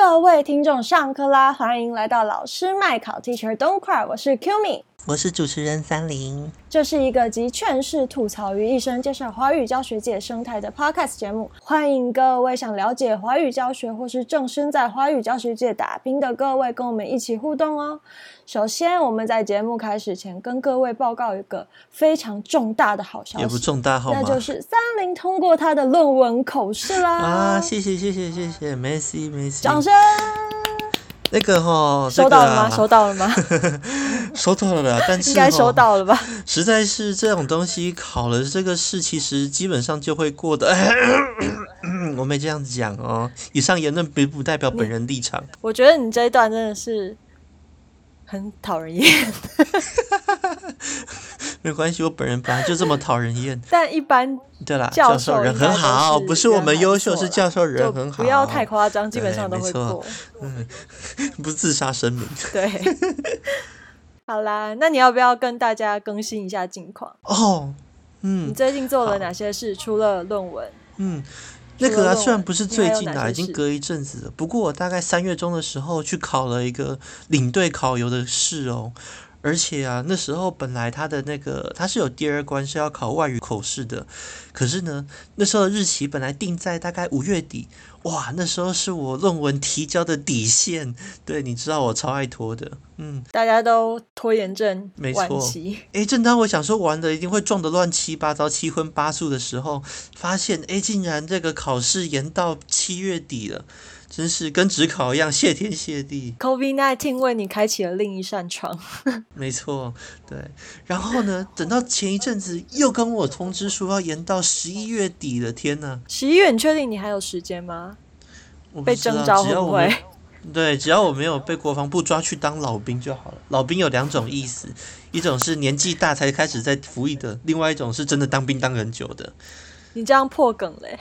各位聽眾，上課啦！歡迎來到老師麥考 Teacher Don't Cry，我是 Qme，我是主持人30。這是一個集勸世吐槽於一身、介紹華語教學界生態的 Podcast 節目。歡迎各位想了解華語教學，或是正身在華語教學界打拼的各位，跟我們一起互動哦、喔。首先，我們在節目開始前跟各位報告一個非常重大的好消息，也不重大齁，那就是30通過他的論文口試啦！啊，謝謝謝謝謝謝，沒事沒事。掌聲。那個齁，收到了嗎？收到了嗎？收到了了，但是應該收到了吧？實在是這種東西考了這個試，其實基本上就會過的。我沒這樣講哦，以上言論並不代表本人立場。我覺得你這一段真的是。很討人厭，沒關係，我本人本來就這麼討人厭。但一般對啦，教授人很好，不是我們優秀，是教授人很好。不要太誇張，基本上都會過，嗯，不自殺生命。對。好啦，那你要不要跟大家更新一下近況？哦，嗯，你最近做了哪些事？除了論文，嗯。那個啊，雖然不是最近的啊，已經隔一陣子了。不過我大概三月中的時候去考了一個領隊考遊的試哦，而且啊，那時候本來他的那個他是有第二關是要考外語口試的，可是呢，那時候的日期本來定在大概五月底。哇，那時候是我論文提交的底線，對，你知道我超愛拖的，嗯，大家都拖延症，沒錯。哎、欸，正當我想說完了一定會撞得亂七八糟，七葷八素的時候，發現哎、欸，竟然這個考試延到七月底了。真是跟指考一樣，謝天謝地。COVID-19 為你開啟了另一扇窗， 沒錯，對。然後呢，等到前一陣子又跟我通知書要延到十一月底了，啊，天吶！十一月你確定你還有時間嗎？我被徵召會不會？只要我，對，只要我沒有被國防部抓去當老兵就好了。老兵有兩種意思，一種是年紀大才開始在服役的，另外一種是真的當兵當很久的。你這樣破梗嘞，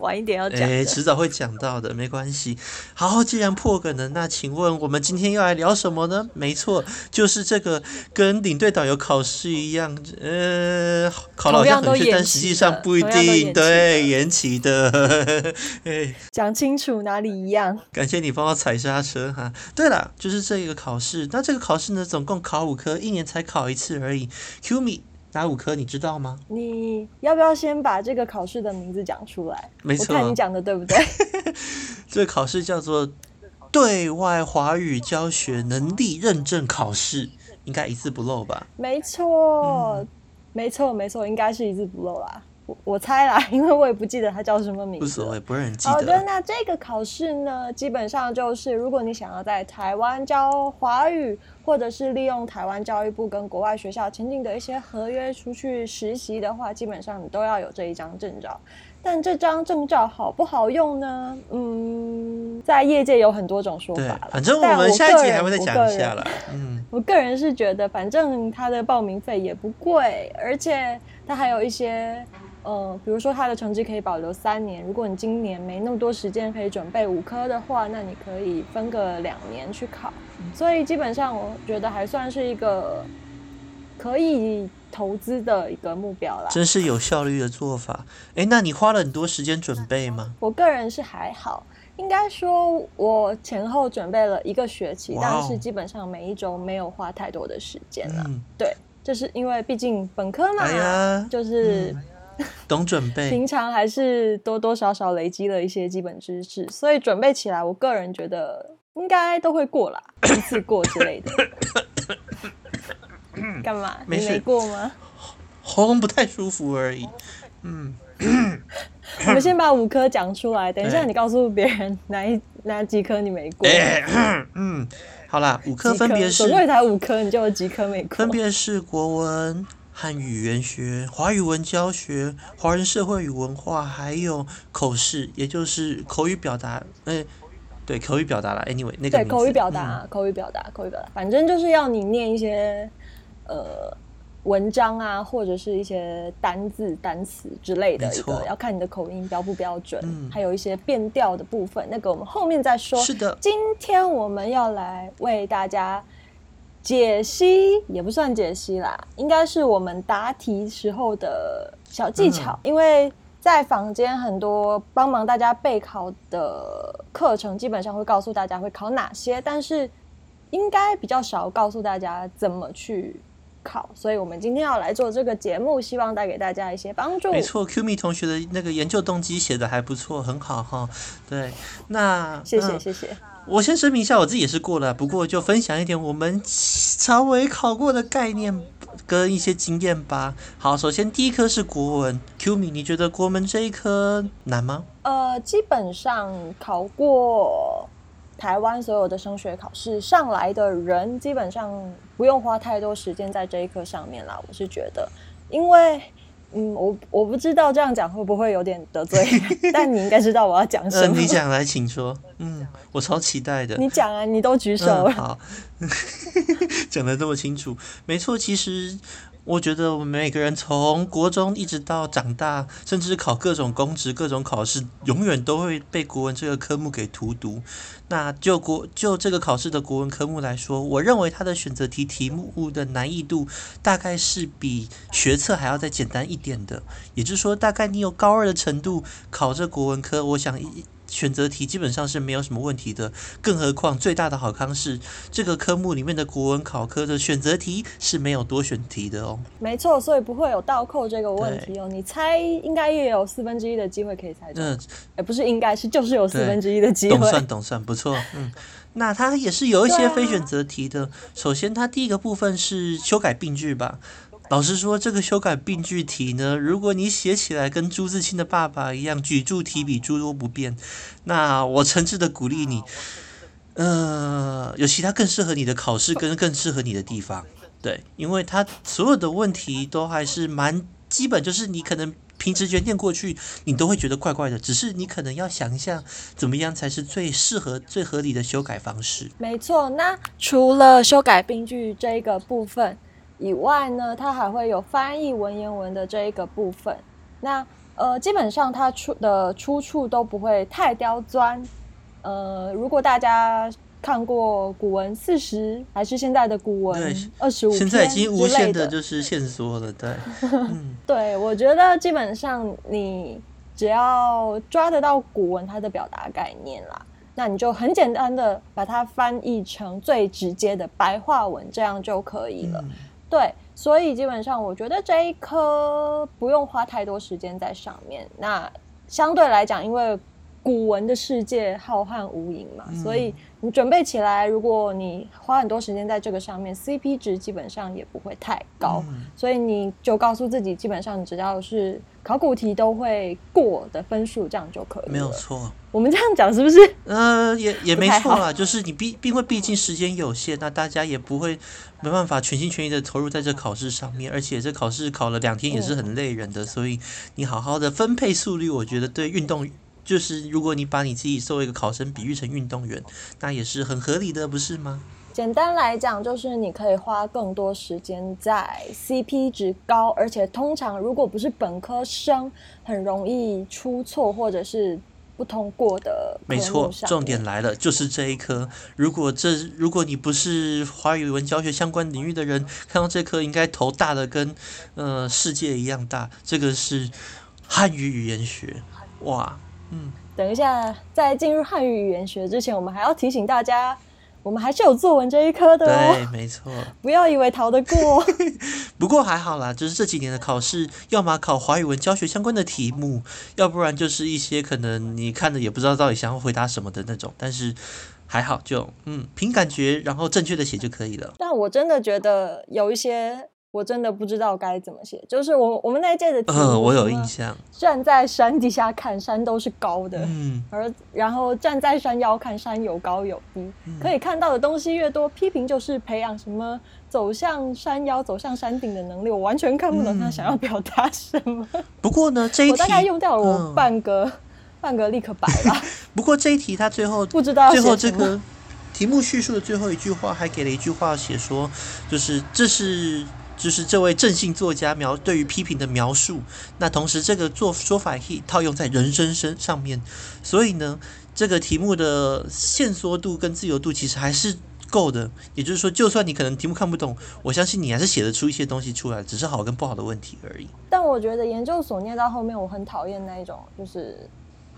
晚一點要講，哎、欸，遲早會講到的，沒關係。好，既然破梗了，那請問我們今天要來聊什麼呢？沒錯，就是這個跟領隊導遊考試一樣，呃，考了好像很像，但實際上不一定，對，延期的。欸，講清楚哪裡一樣？感謝你幫我踩剎車哈。對了，就是這一個考試，那這個考試呢，總共考五科，一年才考一次而已。Qme。Me, 哪五科你知道嗎？你要不要先把這個考試的名字講出來？沒錯，我看你講的對不對？ 這個考試叫做對外華語教學能力認證考試，應該一字不漏吧？沒錯，嗯、沒錯，沒錯，應該是一字不漏啦。我猜啦，因為我也不記得他叫什麼名字。無所謂，不認記得。好的，那這個考試呢，基本上就是如果你想要在台灣教華語，或者是利用台灣教育部跟國外學校簽訂的一些合約出去實習的話，基本上你都要有這一張證照。但這張證照好不好用呢？嗯，在業界有很多種說法了。反正我們下一集還會再講一下啦。嗯，我個人是覺得，反正他的報名費也不貴，而且他還有一些。呃，比如說他的成績可以保留三年，如果你今年沒那麼多時間可以準備五科的話，那你可以分個兩年去考。所以基本上我覺得還算是一個可以投資的一個目標啦。真是有效率的做法。哎，那你花了很多時間準備嗎、啊？我個人是還好，應該說我前後準備了一個學期，哇但是基本上每一週沒有花太多的時間了。嗯、對，就是因為畢竟本科嘛，哎、呀就是、嗯。懂準備，平常還是多多少少累積了一些基本知識，所以準備起來，我個人覺得應該都會過啦， 一次過之類的。幹 嘛？沒，事沒過嗎？喉嚨不太舒服而已。而已嗯。 我們先把五科講出來，等一下你告訴別人哪一哪幾科你沒過。對 嗯，好啦，五科分別是總共才五科，你就有幾科沒過？分別是，是國文。漢語語言學、華語文教學、華人社會與文化，還有口試，也就是口語表達、欸。對，口語表達了。Anyway，那個對，口語表達、嗯啊，口語表達，口語表達，反正就是要你念一些、呃、文章啊，或者是一些單字、單詞之類的一個。沒錯，要看你的口音標不標準，嗯、還有一些變調的部分。那個我們後面再說。是的，今天我們要來為大家。解析也不算解析啦，應該是我們答題時候的小技巧。嗯、因為在坊間，很多幫忙大家備考的課程，基本上會告訴大家會考哪些，但是應該比較少告訴大家怎麼去考。所以我們今天要來做這個節目，希望帶給大家一些幫助。沒錯，Qme 同學的那個研究動機寫得還不錯，很好哈。對，那謝謝謝謝。謝謝嗯我先聲明一下，我自己也是過了，不過就分享一點我們常微考過的概念跟一些經驗吧。好，首先第一科是國文，Qme，你覺得國文這一科難嗎？呃，基本上考過台灣所有的升學考試上來的人，基本上不用花太多時間在這一科上面啦。我是覺得，因為。嗯，我我不知道這樣講會不會有點得罪， 但你應該知道我要講什麼。 呃、你講來，請說。嗯，講我超期待的。你講啊，你都舉手了、嗯、好，講得這麼清楚，沒錯，其實。我覺得我們每個人從國中一直到長大，甚至考各種公職、各種考試，永遠都會被國文這個科目給荼毒。那就國就這個考試的國文科目來說，我認為他的選擇題題目的難易度大概是比學測還要再簡單一點的。也就是說，大概你有高二的程度考這國文科，我想一。選擇題基本上是沒有什麼問題的，更何況最大的好康是這個科目裡面的國文考科的選擇題是沒有多選題的哦。沒錯，所以不會有倒扣這個問題哦。對你猜應該也有四分之一的機會可以猜中，哎、呃欸，不是應該是就是有四分之一的機會。懂算懂算，不錯，嗯。那它也是有一些非選擇題的。啊、首先，它第一個部分是修改病句吧。老實說，這個修改病句題呢，如果你寫起來跟朱自清的《爸爸》一樣，舉箸提筆諸多不便，那我誠摯的鼓勵你，呃，有其他更適合你的考試跟更適合你的地方，對，因為它所有的問題都還是蠻基本，就是你可能憑直覺念過去，你都會覺得怪怪的，只是你可能要想一下，怎麼樣才是最適合、最合理的修改方式。沒錯，那除了修改病句這一個部分以外呢，它還會有翻譯文言文的這一個部分。那呃，基本上它出的出處都不會太刁鑽。呃，如果大家看過古文四十，還是現在的古文二十五篇之類的，現在已經無限的就是線索了。對。 嗯、對，我覺得基本上你只要抓得到古文它的表達概念啦，那你就很簡單的把它翻譯成最直接的白話文，這樣就可以了。嗯對，所以基本上我覺得這一科不用花太多時間在上面。那相對來講，因為古文的世界浩瀚無垠嘛，嗯、所以你準備起來，如果你花很多時間在這個上面，CP 值基本上也不會太高。嗯、所以你就告訴自己，基本上你只要是。考古題都會過的分數，這樣就可以了。沒有錯，我們這樣講是不是？呃，也也沒錯啦。就是你畢，因為畢竟時間有限，那大家也不會沒辦法全心全意的投入在這考試上面。嗯、而且這考試考了兩天也是很累人的，嗯、所以你好好的分配速率，嗯、我覺得對運動就是，如果你把你自己作為一個考生比喻成運動員，那也是很合理的，不是嗎？簡單來講，就是你可以花更多時間在 CP 值高，而且通常如果不是本科生，很容易出錯或者是不通過的項目上面。沒錯，重點來了，就是這一科。如果這如果你不是華語文教學相關領域的人，看到這科應該頭大的跟呃世界一樣大。這個是漢語語言學，哇，嗯。等一下，在進入漢語語言學之前，我們還要提醒大家。我們還是有作文這一科的哦，對，沒錯，不要以為逃得過。 不過還好啦，就是這幾年的考試，要麼考華語文教學相關的題目，要不然就是一些可能你看着也不知道到底想要回答什麼的那種。但是還好就，就嗯，憑感覺，然後正確的寫就可以了。但我真的覺得有一些。我真的不知道該怎麼寫，就是我我們那屆的呃、嗯，我有印象。站在山底下看山都是高的，嗯、而然後站在山腰看山有高有低，嗯、可以看到的東西越多。批評就是培養什麼走向山腰、走向山頂的能力，我完全看不懂他想要表達什麼。嗯、 不過呢，這一題我大概用掉了我半個、嗯、半個立刻白了。 不過這一題他最後不知道最後這個麼題目敘述的最後一句話還給了一句話寫說，就是這是。就是這位正性作家描，對於批評的描述，那同時這個做說法可以套用在人生身上面，所以呢，這個題目的限縮度跟自由度其實還是夠的。也就是說，就算你可能題目看不懂，我相信你還是寫得出一些東西出來，只是好跟不好的問題而已。但我覺得研究所念到後面，我很討厭那一種，就是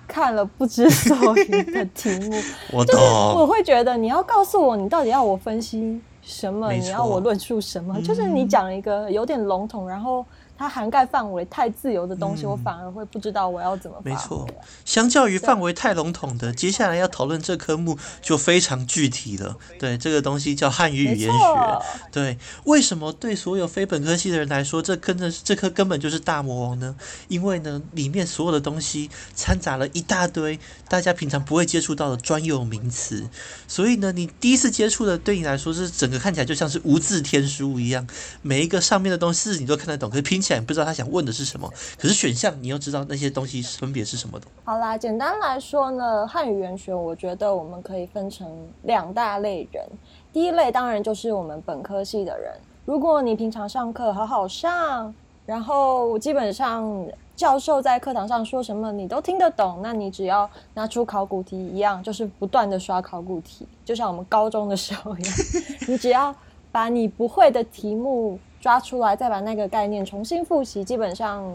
看了不知所云的題目，我懂，我會覺得你要告訴我你到底要我分析。什麼？沒錯，你要我論述什麼？就是你講了一個有點籠統，嗯、然後，它涵蓋範圍太自由的東西，嗯、我反而會不知道我要怎麼辦沒錯。沒錯對，相較於範圍太籠統的，對接下來要討論這科目就非常具體了。對，這個東西叫漢語語言學。錯對，為什麼對所有非本科系的人來說，這跟着這科根，根本就是大魔王呢？因為呢，裡面所有的東西摻雜了一大堆大家平常不會接觸到的專有名詞，所以呢，你第一次接觸的，對你來說是整個看起來就像是無字天書一樣，每一個上面的東西你都看得懂，可是拼起來。不知道他想問的是什麼，可是選項你又知道那些東西分別是什麼的 。好啦，簡單來說呢，漢語語言學我覺得我們可以分成兩大類人。第一類當然就是我們本科系的人，如果你平常上課好好上，然後基本上教授在課堂上說什麼你都聽得懂，那你只要拿出考古題一樣，就是不斷的刷考古題，就像我們高中的時候一樣， 你只要把你不會的題目。抓出來，再把那個概念重新複習，基本上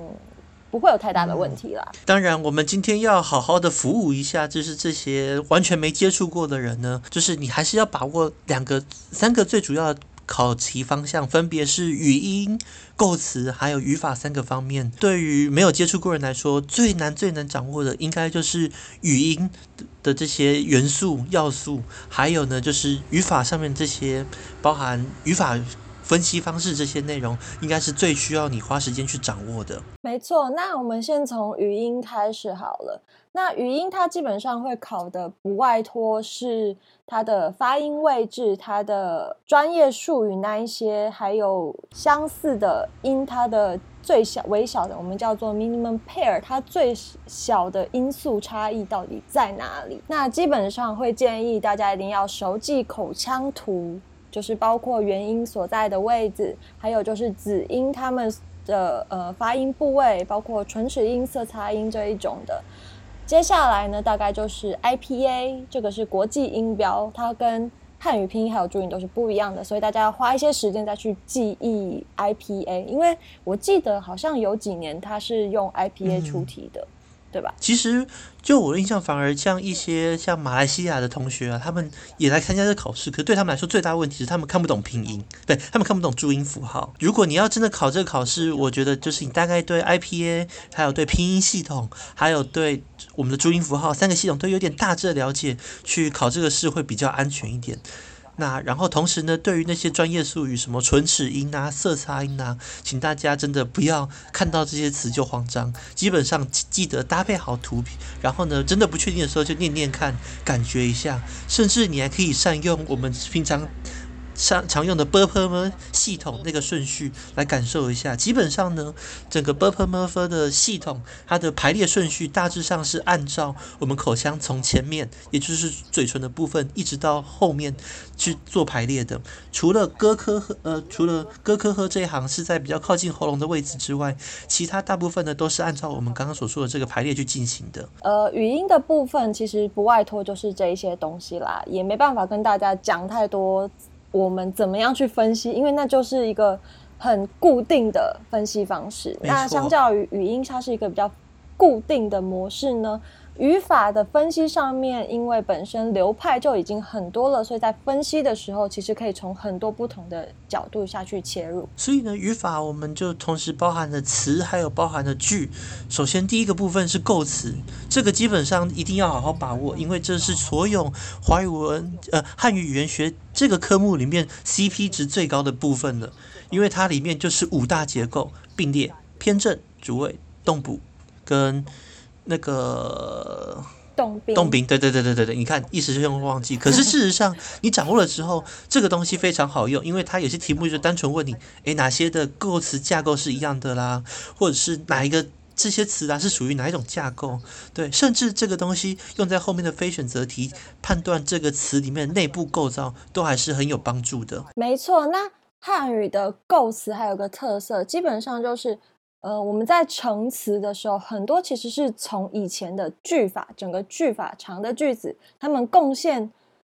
不會有太大的問題啦、嗯。當然，我們今天要好好的服務一下，就是這些完全沒接觸過的人呢，就是你還是要把握兩個、三個最主要的考題方向，分別是語音、構詞還有語法三個方面。對於沒有接觸過人來說，最難、最難掌握的應該就是語音的這些元素、要素，還有呢就是語法上面這些，包含語法。分析方式，這些內容應該是最需要你花時間去掌握的。沒錯，那我們先從語音開始好了。那語音它基本上會考的不外脫是它的發音位置、它的專業術語那一些，還有相似的音，它的最小微小的我們叫做 minimum pair，它最小的音素差異到底在哪裡？那基本上會建議大家一定要熟記口腔圖。就是包括元音所在的位置，還有就是子音它們的呃發音部位，包括唇齒音、塞擦音這一種的。接下來呢，大概就是 IPA，這個是國際音標，它跟漢語拼音還有注音都是不一樣的，所以大家要花一些時間再去記憶 IPA。因為我記得好像有幾年它是用 IPA 出題的。嗯嗯對吧？其實，就我的印象，反而像一些像馬來西亞的同學啊，他們也來參加這個考試。可對他們來說，最大問題是他們看不懂拼音，對，他們看不懂注音符號。如果你要真的考這個考試，我覺得就是你大概對 IPA，還有對拼音系統，還有對我們的注音符號三個系統都有點大致的了解，去考這個試會比較安全一點。那然後同時呢，對於那些專業術語，什麼唇齒音啊、塞擦音啊，請大家真的不要看到這些詞就慌張。基本上記得搭配好圖片，然後呢，真的不確定的時候就念念看，感覺一下。甚至你還可以善用我們平常。常常用的 ㄅㄆㄇㄈ 系統那個順序來感受一下，基本上呢，整個 ㄅㄆㄇㄈ 的系統它的排列順序大致上是按照我們口腔從前面，也就是嘴唇的部分，一直到後面去做排列的。除了 ㄍㄎㄏ 呃，除了 ㄍㄎㄏ 這一行是在比較靠近喉嚨的位置之外，其他大部分呢，都是按照我們剛剛所說的這個排列去進行的。呃，語音的部分其實不外脫就是這一些東西啦，也沒辦法跟大家講太多。我們怎麼樣去分析？因為那就是一個很固定的分析方式。那沒錯。相較於語音，它是一個比較固定的模式呢。語法的分析上面，因為本身流派就已經很多了，所以在分析的時候，其實可以從很多不同的角度下去切入。所以呢，語法我們就同時包含了詞，還有包含了句。首先第一個部分是構詞，這個基本上一定要好好把握，因為這是所有華語文，呃，漢語語言學這個科目裡面 CP 值最高的部分了，因為它裡面就是五大結構：並列、偏正、主謂、動補，跟。那個動賓，動賓洞兵，對對對對對對，你看，一時就忘記。可是事實上， 你掌握了之後，這個東西非常好用，因為它有些題目就單純問你，誒，哪些的構詞架構是一樣的啦，或者是哪一個這些詞啊是屬於哪一種架構？對，甚至這個東西用在後面的非選擇題判斷這個詞裡面內部構造，都還是很有幫助的。沒錯，那漢語的構詞還有個特色，基本上就是。呃，我們在成詞的時候，很多其實是從以前的句法，整個句法長的句子，它們貢獻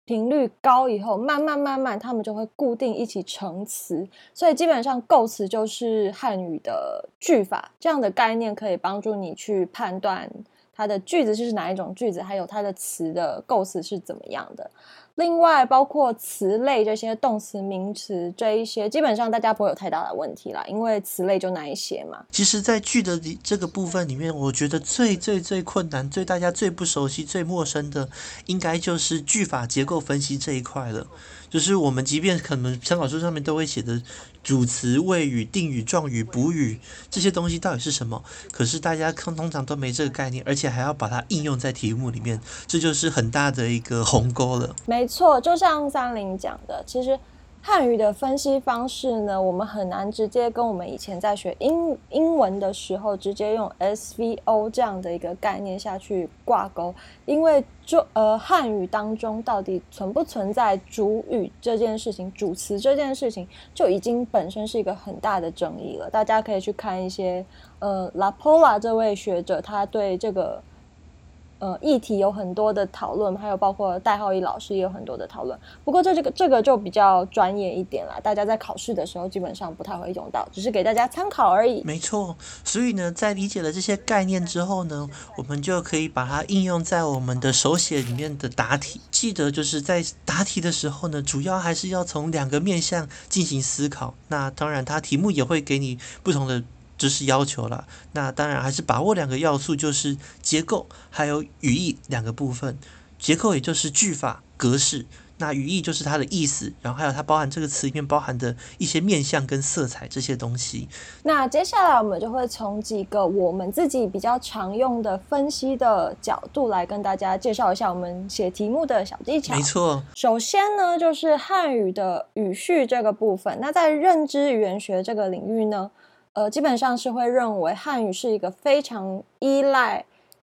頻率高以後，慢慢慢慢，它們就會固定一起成詞。所以基本上構詞就是漢語的句法，這樣的概念可以幫助你去判斷。它的句子是哪一種句子，還有它的詞的構詞是怎麼樣的。另外，包括詞類這些，動詞、名詞這一些，基本上大家不會有太大的問題啦。因為詞類就那一些嘛。其實，在句的這個部分裡面，我覺得最最最困難、最大家最不熟悉、最陌生的，應該就是句法結構分析這一塊了。就是我們即便可能參考書上面都會寫的主詞、謂語、定語、狀語、補語這些東西到底是什麼？可是大家通通常都沒這個概念，而且還要把它應用在題目裡面，這就是很大的一個鴻溝了。沒錯，就像30講的，其實。漢語的分析方式呢，我們很難直接跟我們以前在學英英文的時候直接用 SVO 這樣的一個概念下去掛鈎，因為就呃，漢語當中到底存不存在主語這件事情、主詞這件事情，就已經本身是一個很大的爭議了。大家可以去看一些呃，LaPolla 這位學者，他對這個。呃、嗯，議題有很多的討論，還有包括戴浩一老師也有很多的討論。不過這這個這個就比較專業一點了，大家在考試的時候基本上不太會用到，只是給大家參考而已。沒錯，所以呢，在理解了這些概念之後呢，我們就可以把它應用在我們的手寫裡面的答題。的記得就是在答題的時候呢，主要還是要從兩個面向進行思考。那當然，它題目也會給你不同的。知識要求了，那當然還是把握兩個要素，就是結構還有語義兩個部分。結構也就是句法格式，那語義就是它的意思，然後還有它包含這個詞裡面包含的一些面向跟色彩這些東西。那接下來我們就會從幾個我們自己比較常用的分析的角度來跟大家介紹一下我們寫題目的小技巧。沒錯，首先呢就是漢語的語序這個部分。那在認知語言學這個領域呢。呃，基本上是會認為漢語是一個非常依賴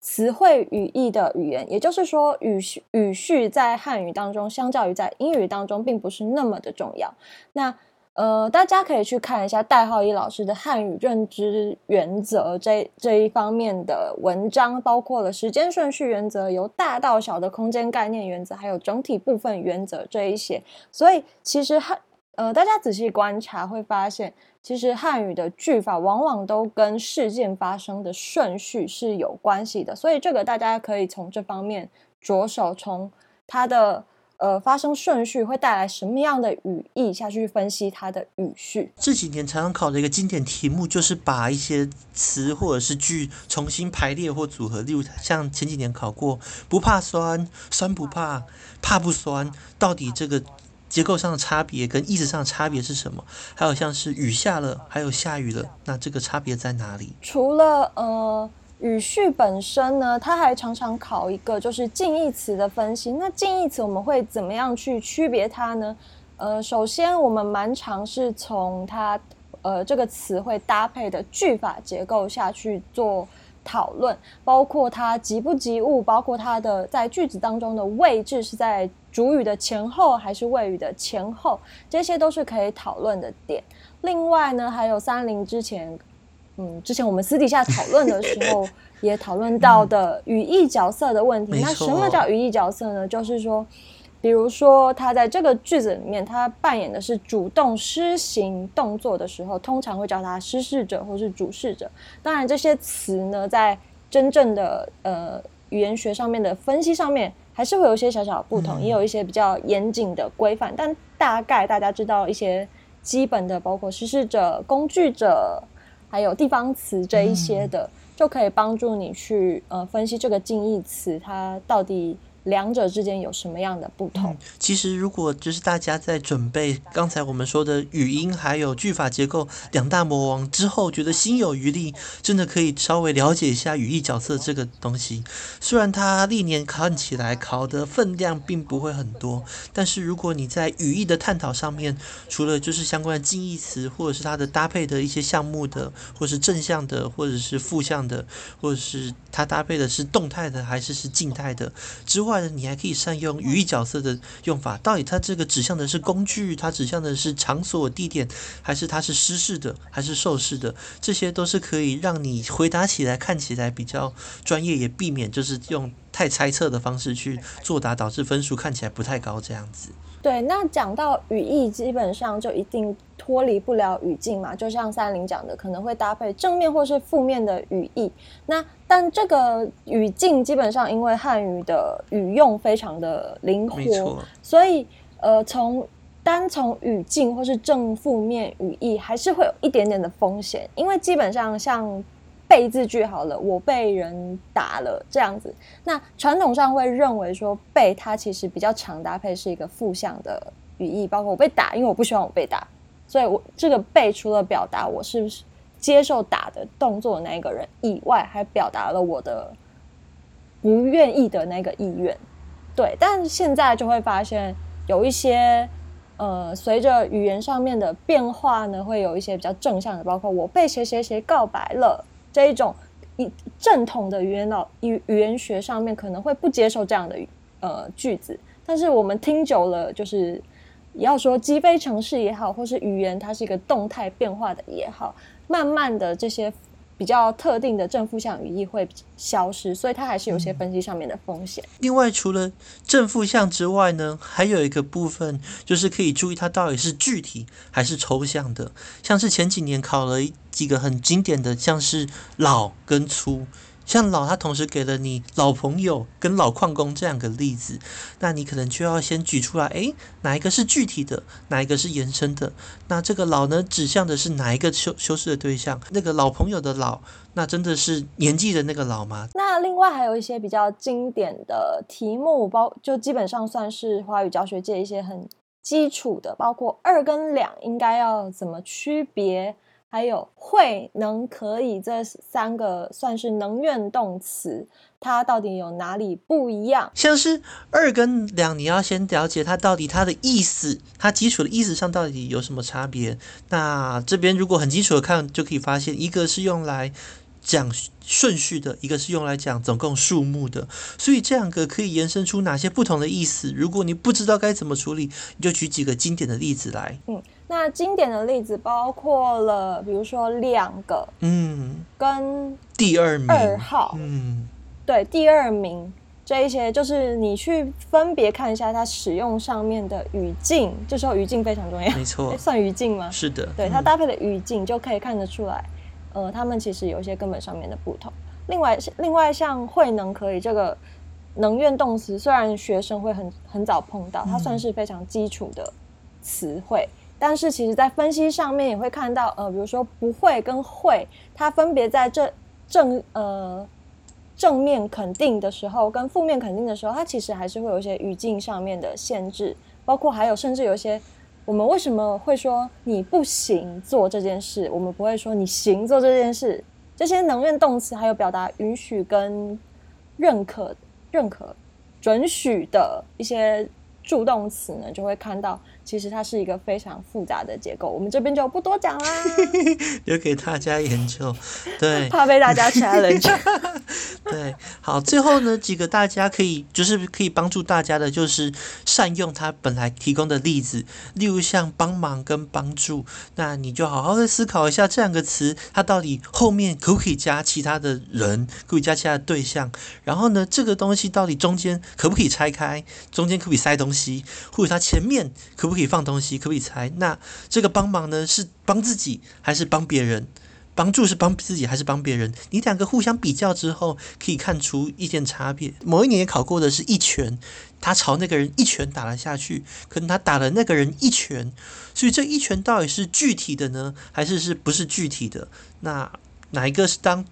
詞彙語義的語言，也就是說語，語序語序在漢語當中，相較於在英語當中，並不是那麼的重要。那呃，大家可以去看一下戴浩一老師的漢語認知原則這這一方面的文章，包括了時間順序原則、由大到小的空間概念原則，還有整體部分原則這一些。所以其實漢呃，大家仔細觀察會發現，其實漢語的句法往往都跟事件發生的順序是有關係的。所以，這個大家可以從這方面着手，從它的呃發生順序會帶來什麼樣的語義下去分析它的語序。這幾年常常考的一個經典題目，就是把一些詞或者是句重新排列或組合，例如像前幾年考過“不怕酸，酸不怕，怕不酸”，到底這個。結構上的差別跟意思上的差別是什麼？還有像是雨下了，還有下雨了，那這個差別在哪裡？除了呃語序本身呢，它還常常考一個就是近義詞的分析。那近義詞我們會怎麼樣去區別它呢？呃，首先我們蠻常是從它呃這個詞會搭配的句法結構下去做。討論包括它及不及物，包括它的在句子當中的位置是在主語的前後還是謂語的前後，這些都是可以討論的點。另外呢，還有三零之前，嗯，之前我們私底下討論的時候也討論到的語義角色的問題。 嗯、那什麼叫語義角色呢？哦、就是說。比如說，他在這個句子裡面，他扮演的是主動施行動作的時候，通常會叫他施事者或是主事者。當然，這些詞呢，在真正的呃語言學上面的分析上面，還是會有一些小小的不同，嗯、也有一些比較嚴謹的規範。但大概大家知道一些基本的，包括施事者、工具者，還有地方詞這一些的，嗯、就可以幫助你去呃分析這個近義詞它到底。兩者之間有什麼樣的不同？嗯，其實，如果就是大家在準備剛才我們說的語音還有句法結構兩大魔王之後，覺得心有餘力，真的可以稍微了解一下語義角色這個東西。雖然它歷年看起來考的分量並不會很多，但是如果你在語義的探討上面，除了就是相關的近義詞，或者是它的搭配的一些項目的，或是正向的，或者是負向的，或者是它搭配的是動態的還是是靜態的之外，你還可以善用語義角色的用法，到底它這個指向的是工具，它指向的是場所地點，還是它是施事的，還是受事的？這些都是可以讓你回答起來看起來比較專業，也避免就是用太猜測的方式去作答，導致分數看起來不太高這樣子。對，那講到語義，基本上就一定脫離不了語境嘛。就像30講的，可能會搭配正面或是負面的語義。那但這個語境基本上，因為漢語的語用非常的靈活，所以呃，從單從語境或是正負面語義，還是會有一點點的風險，因為基本上像被字句好了，我被人打了這樣子。那傳統上會認為說，被它其實比較常搭配是一個負向的語義，包括我被打，因為我不希望我被打，所以我這個被除了表達我是不是接受打的動作的那一個人以外，還表達了我的不願意的那個意願。對，但現在就會發現有一些呃，隨着語言上面的變化呢，會有一些比較正向的，包括我被誰誰誰告白了。這一種一正統的語言腦語語言學上面可能會不接受這樣的呃句子，但是我們聽久了，就是要說積非成是也好，或是語言它是一個動態變化的也好，慢慢的這些。比較特定的正負向語義會消失，所以它還是有些分析上面的風險。嗯。另外，除了正負向之外呢，還有一個部分就是可以注意它到底是具體還是抽象的。像是前幾年考了幾個很經典的，像是老跟粗。像老，他同時給了你老朋友跟老礦工這兩個例子，那你可能就要先舉出來，誒，哪一個是具體的，哪一個是延伸的？那這個老呢，指向的是哪一個修修飾的對象？那個老朋友的老，那真的是年紀的那個老嗎？那另外還有一些比較經典的題目，包，就基本上算是華語教學界一些很基礎的，包括二跟兩應該要怎麼區別？還有會、能、可以這三個算是能願動詞，它到底有哪裡不一樣？像是二跟兩，你要先了解它到底它的意思，它基礎的意思上到底有什麼差別？那這邊如果很基礎的看，就可以發現，一個是用來講順序的，一個是用來講總共數目的。所以這兩個可以延伸出哪些不同的意思？如果你不知道該怎麼處理，你就舉幾個經典的例子來。嗯。那經典的例子包括了，比如說兩個，嗯，跟第二名二號，嗯，對，第二名這一些，就是你去分別看一下它使用上面的語境。這時候語境非常重要，沒錯。欸，算語境嗎？是的，對它搭配的語境就可以看得出來，嗯、呃，他們其實有一些根本上面的不同。另外，另外像會能可以這個能願動詞，雖然學生會很很早碰到，它算是非常基礎的詞彙。嗯但是，其實，在分析上面也會看到，呃，比如說不會跟會，它分別在這正，正呃正面肯定的時候跟負面肯定的時候，它其實還是會有一些語境上面的限制，包括還有甚至有一些我們為什麼會說你不行做這件事，我們不會說你行做這件事，這些能願動詞還有表達允許跟認可、認可、准許的一些助動詞呢，就會看到。其實它是一個非常複雜的結構，我們這邊就不多講啦， 留給大家研究。對，怕被大家吃了，對，好，最後呢幾個大家可以就是可以幫助大家的，就是善用它本來提供的例子，例如像幫忙跟幫助，那你就好好的思考一下這兩個詞，它到底後面可不可以加其他的人，可不可以加其他的對象？然後呢，這個東西到底中間可不可以拆開？中間可不可以塞東西？或者它前面可不可以？可以放東西，可不可以猜？那這個幫忙呢，是幫自己還是幫別人？幫助是幫自己還是幫別人？你兩個互相比較之後，可以看出意見差別。某一年考過的是一拳，他朝那個人一拳打了下去，可能他打了那個人一拳。所以這一拳到底是具體的呢，還是是不是具體的？那哪一個是當？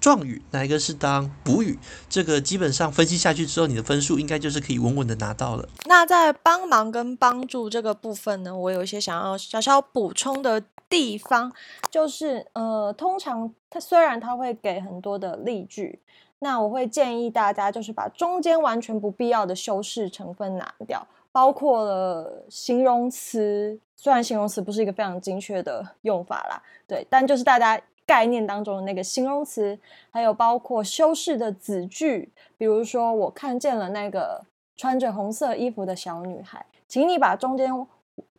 狀語哪一個是當補語？這個基本上分析下去之後，你的分數應該就是可以穩穩的拿到了。那在幫忙跟幫助這個部分呢，我有一些想要稍稍補充的地方，就是呃，通常它雖然它會給很多的例句，那我會建議大家就是把中間完全不必要的修飾成分拿掉，包括了形容詞。雖然形容詞不是一個非常精確的用法啦，對，但就是大家。概念當中的那個形容詞，還有包括修飾的子句，比如說我看見了那個穿着紅色衣服的小女孩，請你把中間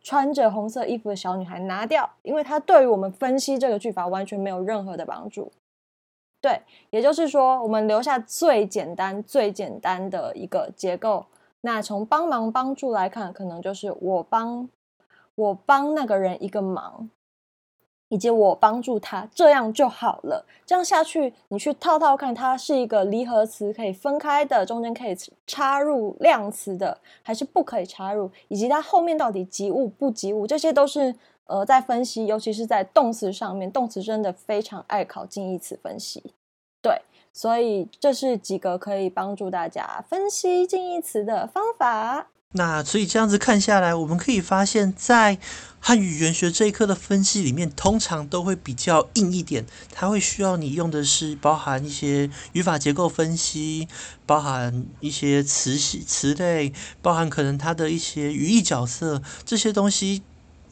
穿着紅色衣服的小女孩拿掉，因為它對於我們分析這個句法完全沒有任何的幫助。對，也就是說，我們留下最簡單、最簡單的一個結構。那從幫忙幫助來看，可能就是我幫我幫那個人一個忙。以及我幫助他，這樣就好了。這樣下去，你去套套看，它是一個離合詞，可以分開的，中間可以插入量詞的，還是不可以插入？以及它後面到底及物不及物，這些都是呃在分析，尤其是在動詞上面，動詞真的非常愛考近義詞分析。對，所以這是幾個可以幫助大家分析近義詞的方法。那所以這樣子看下來，我們可以發現，在漢語語言學這一課的分析裡面，通常都會比較硬一點。它會需要你用的是包含一些語法結構分析，包含一些詞性、詞類，包含可能它的一些語義角色這些東西。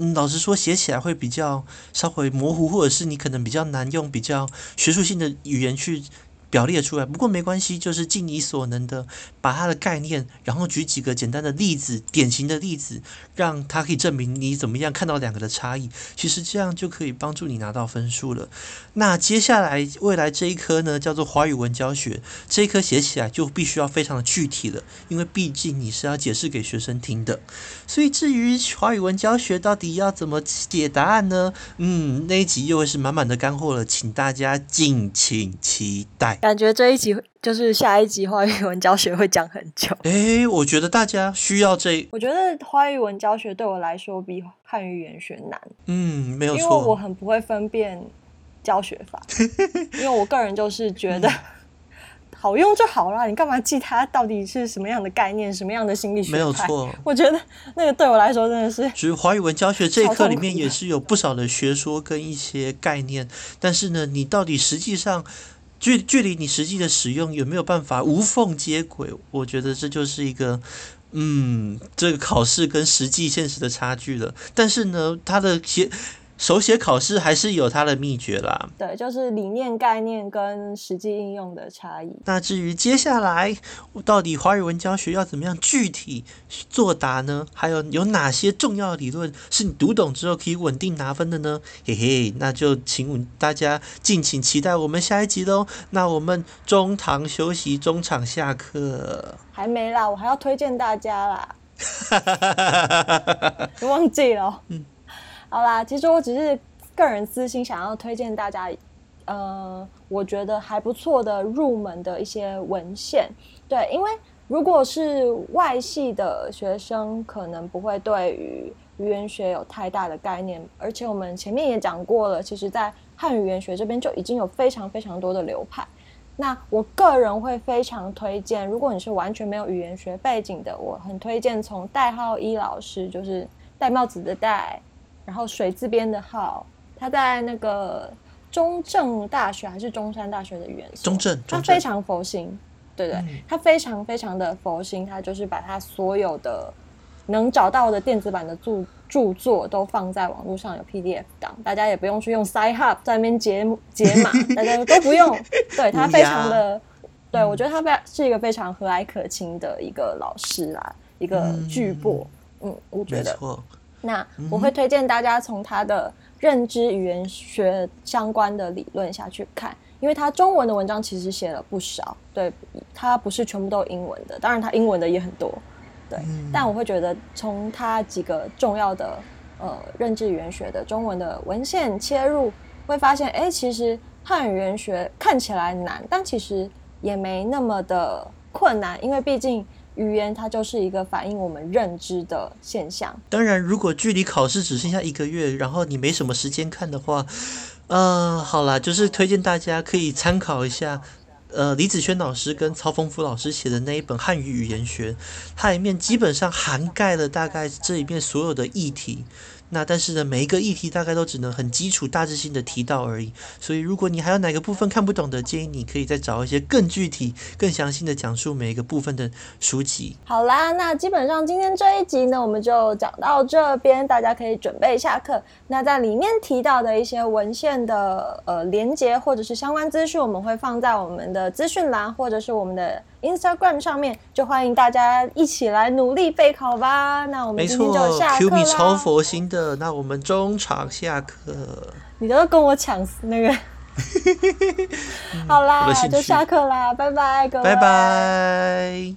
嗯，老實說，寫起來會比較稍微模糊，或者是你可能比較難用比較學術性的語言去。表列出來，不過沒關係，就是盡你所能的把它的概念，然後舉幾個簡單的例子、典型的例子，讓它可以證明你怎麼樣看到兩個的差異。其實這樣就可以幫助你拿到分數了。那接下來未來這一科呢，叫做華語文教學，這一科寫起來就必須要非常的具體了，因為畢竟你是要解釋給學生聽的。所以至於華語文教學到底要怎麼解答案呢？嗯，那一集又會是滿滿的乾貨了，請大家敬請期待。感覺這一集就是下一集華語文教學會講很久。哎、欸，我覺得大家需要這。我覺得華語文教學對我來說比漢語言學難。嗯，沒有錯。因為我很不會分辨教學法， 因為我個人就是覺得好用就好啦，你幹嘛記它到底是什麼樣的概念，什麼樣的心理學派？沒有錯，我覺得那個對我來說真的是的。其實華語文教學這一課裡面也是有不少的學說跟一些概念，對但是呢，你到底實際上。距，距離你實際的使用有沒有辦法無縫接軌？我覺得這就是一個，嗯，這個考試跟實際現實的差距了。但是呢，它的些。手寫考試還是有它的秘訣啦。對，就是理念概念跟實際應用的差異。那至於接下來到底華語文教學要怎麼樣具體作答呢？還有有哪些重要理論是你讀懂之後可以穩定拿分的呢？嘿嘿，那就請大家敬請期待我們下一集嘍。那我們中堂休息，中場下課。還沒啦，我還要推薦大家啦。哈哈哈哈哈！我忘記了。嗯。好啦，其實我只是個人私心，想要推薦大家，呃，我覺得還不錯的入門的一些文獻。對，因為如果是外系的學生，可能不會對於語言學有太大的概念。而且我們前面也講過了，其實，在漢語言學這邊就已經有非常非常多的流派。那我個人會非常推薦，如果你是完全沒有語言學背景的，我很推薦從戴浩一老師，就是戴帽子的戴。然後水字編的浩，他在那個中正大學還是中山大學的語言所，中正。他非常佛心，對對，他、嗯、非常非常的佛心，他就是把他所有的能找到的電子版的著著作都放在網絡上，有 PDF 檔，大家也不用去用 Sci-Hub 在那邊解解碼， 大家都不用。對，他非常的，鴉對，我覺得他非是一個非常和藹可親的一個老師啦，嗯、一個巨擘，嗯，我覺得。那我會推薦大家從他的認知語言學相關的理論下去看，因為他中文的文章其實寫了不少，對，他不是全部都英文的，當然他英文的也很多，對。嗯、但我會覺得從他幾個重要的呃認知語言學的中文的文獻切入，會發現，哎、欸，其實漢語言學看起來難，但其實也沒那麼的困難，因為畢竟。語言它就是一個反映我們認知的現象。當然，如果距離考試只剩下一個月，然後你沒什麼時間看的話，呃，好啦，就是推薦大家可以參考一下，呃，李子瑄老師跟曹逢甫老師寫的那一本《漢語語言學》，它裡面基本上涵蓋了大概這裡面所有的議題。那但是呢，每一個議題大概都只能很基礎、大致性的提到而已。所以，如果你還有哪個部分看不懂的，建議你可以再找一些更具體、更詳細的講述每一個部分的書籍。好啦，那基本上今天這一集呢，我們就講到這邊，大家可以準備下課。那在裡面提到的一些文獻的呃連結或者是相關資訊，我們會放在我們的資訊欄或者是我們的。Instagram 上面，就歡迎大家一起來努力備考吧。那我們今天就下課啦。沒錯，Qme 超佛心的，那我們中場下課。你都要跟我搶那個？ 嗯、好啦，就下課啦，拜拜，各位，拜拜。